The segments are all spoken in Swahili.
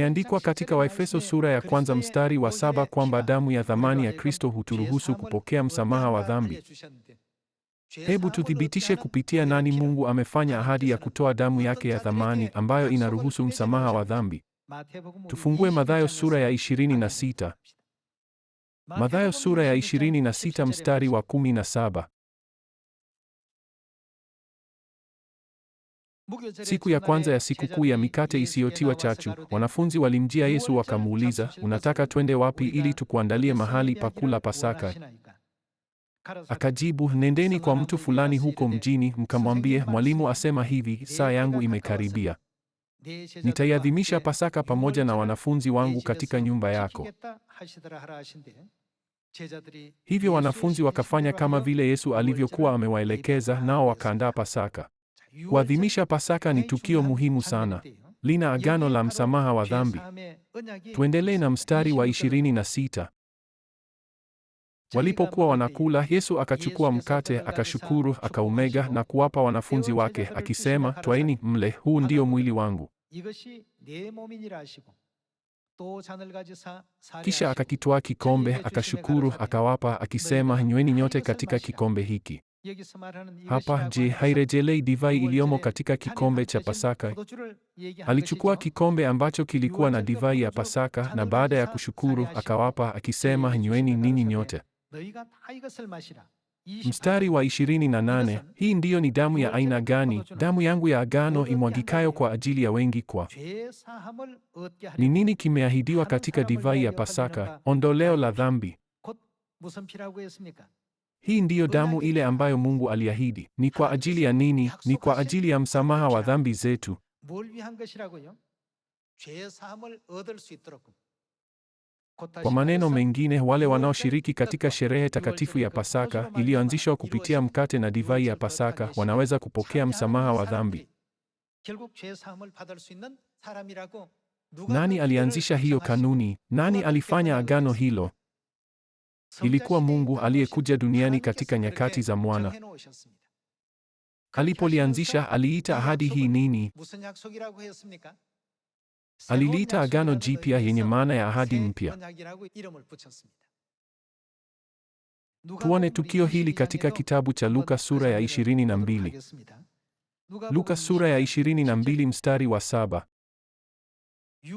Imeandikwa katika Waefeso sura ya kwanza mstari wa saba kwamba damu ya thamani ya Kristo huturuhusu kupokea msamaha wa dhambi. Hebu tuthibitishe kupitia nani Mungu amefanya ahadi ya kutoa damu yake ya thamani ambayo inaruhusu msamaha wa dhambi. Tufungue Mathayo sura ya 26. Mathayo sura ya 26 mstari wa 17. Siku ya kwanza ya sikukuu ya mikate isiyotiwa chachu, wanafunzi walimjia Yesu wakamuuliza, unataka twende wapi ili tukuandalie mahali pa kula Pasaka? Akajibu, nendeni kwa mtu fulani huko mjini, mkamwambie, mwalimu asema hivi, saa yangu imekaribia, nitaiadhimisha Pasaka pamoja na wanafunzi wangu katika nyumba yako. Hivyo wanafunzi wakafanya kama vile Yesu alivyokuwa amewaelekeza, nao wakaandaa Pasaka. Kuadhimisha Pasaka ni tukio muhimu sana. Lina agano la msamaha wa dhambi. Tuendelee na mstari wa 26. Walipokuwa wanakula, Yesu akachukua mkate, akashukuru, akaumega na kuwapa wanafunzi wake akisema, twaeni mle, huu ndio mwili wangu. Kisha akakitwaa kikombe, akashukuru, akawapa akisema, nyweni nyote katika kikombe hiki. Hapa je, hairejelei divai iliyomo katika kikombe cha Pasaka? Alichukua kikombe ambacho kilikuwa na divai ya Pasaka, na baada ya kushukuru akawapa, akisema, nyweni ninyi nyote. Mstari wa 28, hii ndiyo ni damu ya aina gani, damu yangu ya agano imwagikayo kwa ajili ya wengi kwa. Ni nini kimeahidiwa katika divai ya Pasaka? Ondoleo la dhambi. Hii ndiyo damu ile ambayo Mungu aliahidi. Ni kwa ajili ya nini? Ni kwa ajili ya msamaha wa dhambi zetu. Kwa maneno mengine, wale wanaoshiriki katika sherehe takatifu ya Pasaka iliyoanzishwa kupitia mkate na divai ya Pasaka wanaweza kupokea msamaha wa dhambi. Nani alianzisha hiyo kanuni? Nani alifanya agano hilo? Ilikuwa Mungu aliyekuja duniani katika nyakati za mwana. Alipolianzisha aliita ahadi hii nini? Aliliita Agano Jipya yenye maana ya ahadi mpya. Tuone tukio hili katika kitabu cha Luka sura ya 22. Luka sura ya 22 mstari wa saba.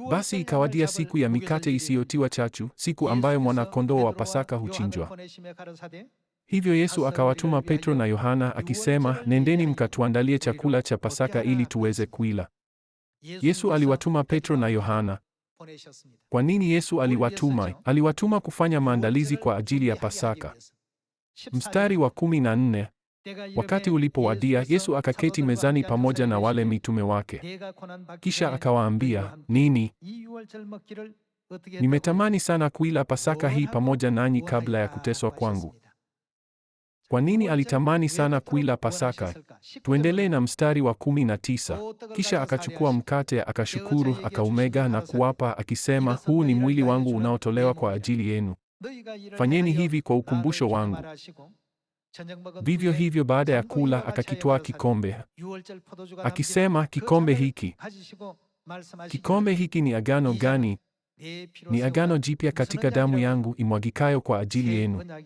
Basi ikawadia siku ya mikate isiyotiwa chachu, siku ambayo mwanakondoo wa Pasaka huchinjwa. Hivyo Yesu akawatuma Petro na Yohana akisema, nendeni mkatuandalie chakula cha Pasaka ili tuweze kuila. Yesu aliwatuma Petro na Yohana. Kwa nini Yesu aliwatuma? Aliwatuma kufanya maandalizi kwa ajili ya Pasaka. Mstari wa kumi na nne. Wakati ulipowadia, Yesu akaketi mezani pamoja na wale mitume wake, kisha akawaambia nini? Nimetamani sana kuila Pasaka hii pamoja nanyi kabla ya kuteswa kwangu. Kwa nini alitamani sana kuila Pasaka? Tuendelee na mstari wa kumi na tisa. Kisha akachukua mkate, akashukuru, akaumega na kuwapa, akisema, huu ni mwili wangu unaotolewa kwa ajili yenu, fanyeni hivi kwa ukumbusho wangu. Vivyo hivyo baada ya kula akakitwaa kikombe akisema, kikombe hiki kikombe hiki ni agano gani? Ni agano jipya katika damu yangu imwagikayo kwa ajili yenu.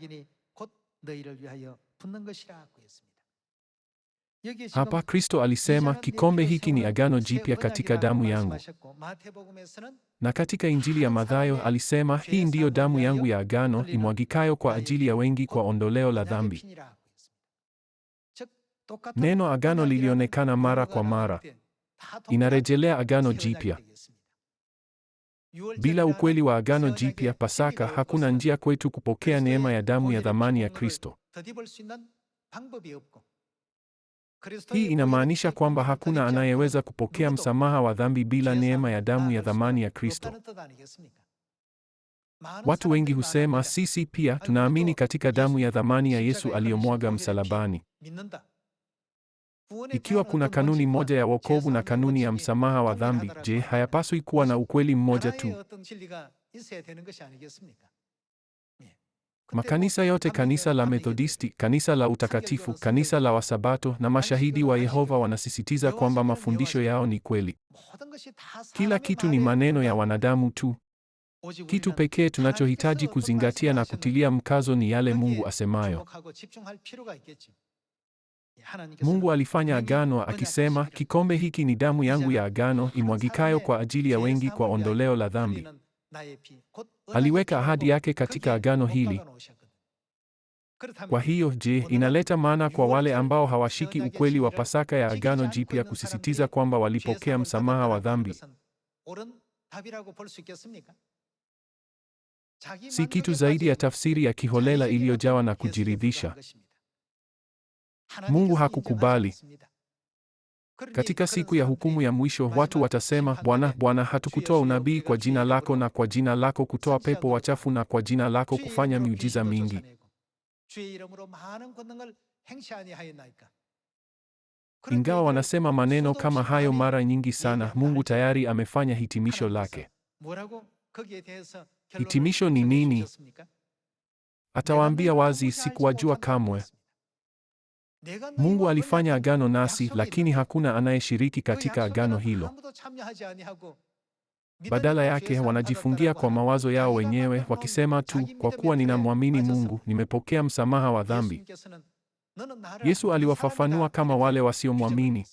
Hapa Kristo alisema, kikombe hiki ni agano jipya katika damu yangu. Na katika Injili ya Mathayo alisema, hii ndiyo damu yangu ya agano imwagikayo kwa ajili ya wengi kwa ondoleo la dhambi. Neno agano lilionekana mara kwa mara, inarejelea agano jipya. Bila ukweli wa agano jipya, Pasaka, hakuna njia kwetu kupokea neema ya damu ya dhamani ya Kristo. Hii inamaanisha kwamba hakuna anayeweza kupokea msamaha wa dhambi bila neema ya damu ya thamani ya Kristo. Watu wengi husema sisi pia tunaamini katika damu ya thamani ya Yesu aliyomwaga msalabani. Ikiwa kuna kanuni moja ya wokovu na kanuni ya msamaha wa dhambi, je, hayapaswi kuwa na ukweli mmoja tu? Makanisa yote, kanisa la Methodisti, kanisa la utakatifu, kanisa la Wasabato na mashahidi wa Yehova wanasisitiza kwamba mafundisho yao ni kweli. Kila kitu ni maneno ya wanadamu tu. Kitu pekee tunachohitaji kuzingatia na kutilia mkazo ni yale Mungu asemayo. Mungu alifanya agano akisema, kikombe hiki ni damu yangu ya agano imwagikayo kwa ajili ya wengi kwa ondoleo la dhambi. Aliweka ahadi yake katika agano hili. Kwa hiyo, je, inaleta maana kwa wale ambao hawashiki ukweli wa Pasaka ya agano jipya kusisitiza kwamba walipokea msamaha wa dhambi? Si kitu zaidi ya tafsiri ya kiholela iliyojawa na kujiridhisha. Mungu hakukubali. Katika siku ya hukumu ya mwisho watu watasema, Bwana, Bwana, hatukutoa unabii kwa jina lako na kwa jina lako kutoa pepo wachafu na kwa jina lako kufanya miujiza mingi? Ingawa wanasema maneno kama hayo mara nyingi sana, Mungu tayari amefanya hitimisho lake. Hitimisho ni nini? Atawaambia wazi, sikuwajua kamwe. Mungu alifanya agano nasi, lakini hakuna anayeshiriki katika agano hilo. Badala yake wanajifungia kwa mawazo yao wenyewe, wakisema tu, kwa kuwa ninamwamini Mungu, nimepokea msamaha wa dhambi. Yesu aliwafafanua kama wale wasiomwamini.